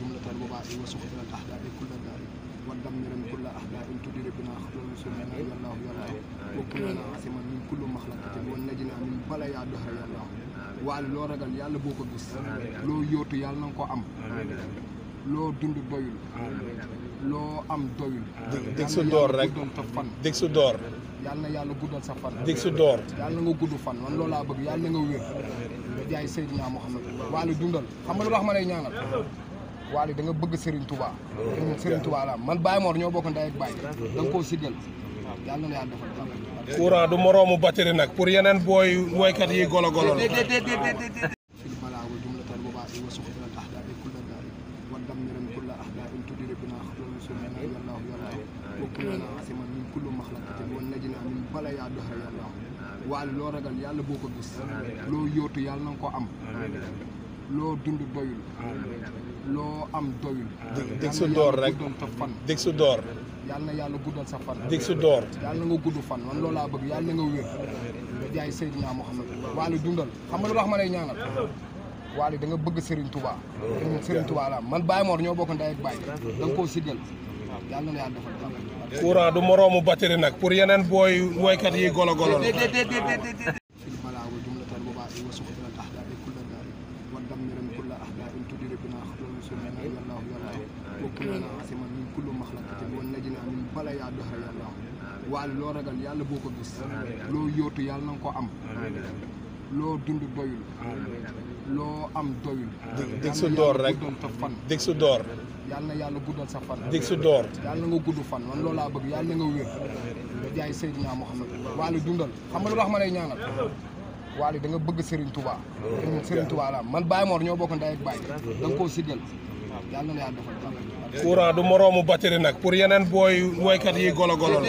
جملة الوباء وسقطنا الأحداء كل داء ودمرا كل أحداء تدير بنا خطر رسولنا يا loo ragal yàlla boo ko gis loo yóotu yàlla na nga am loo dund doyul loo am doyul dëgg su door rek dëgg su door yàlla na yàlla guddal sa fan dëgg su door yàlla na nga gudd fan man loolu laa bëgg yàlla na nga wér jaay Seydina Muhammad wàllu dundal xam nga lu tax ma lay ñaanal Wally da bëgg Serigne Touba Serigne man Baye Mor ñoo bokk ndey ak Baye da nga koo siggal yàlla na yàlla defal jàmm courant du moroomu batterie yi golo golo la fil balaagu jumlatan bu baax wa suxuran ahdabi kulla daari wa dammiran kulla wa loo ragal yàlla boo ko gis loo yóotu yàlla na ko am loo dund doyul loo am doyul dëgg su door rek dëgg su door yàlla na yàlla guddal sa fan dëgg su door yàlla na nga gudd fan man a bëgg yàlla na nga wér jaay Seydina Muhammad waale dundal xam nga lu tax ma lay ñaanal waale da nga bëgg Serigne Touba oh, Serigne Touba man Baye Mor ñoo bokk ndey ak Baye da nga koo siggal yàlla na yàlla defal jàmm courant du moroomu batterie nag pour yeneen booy woykat yi golo golo تدركنا خطوة سنة يا الله يا الله وكلنا عاصما من كل مخلوقات ونجنا من بلا يا دهر يا الله waaye loo ragal yàlla boo ko gis loo yóotu yàlla na nga ko am loo dund doyul loo am doyul dëgg su door rek dëgg su door yàlla sa fan dëgg na nga gudd fan man loolu laa bëgg yàlla na nga wér jaay Seydina Muhammad wàllu dundal xam nga lu tax ma lay ñaanal Wally danga bëgg Serigne Touba oh, Serigne Touba la man Baye Mor ñoo bokk ndey ak Baye da nga koo siggal yàlla na yàlla defal jàmm courant du moroomu batterie nag pour yeneen booy woykat yi golo golo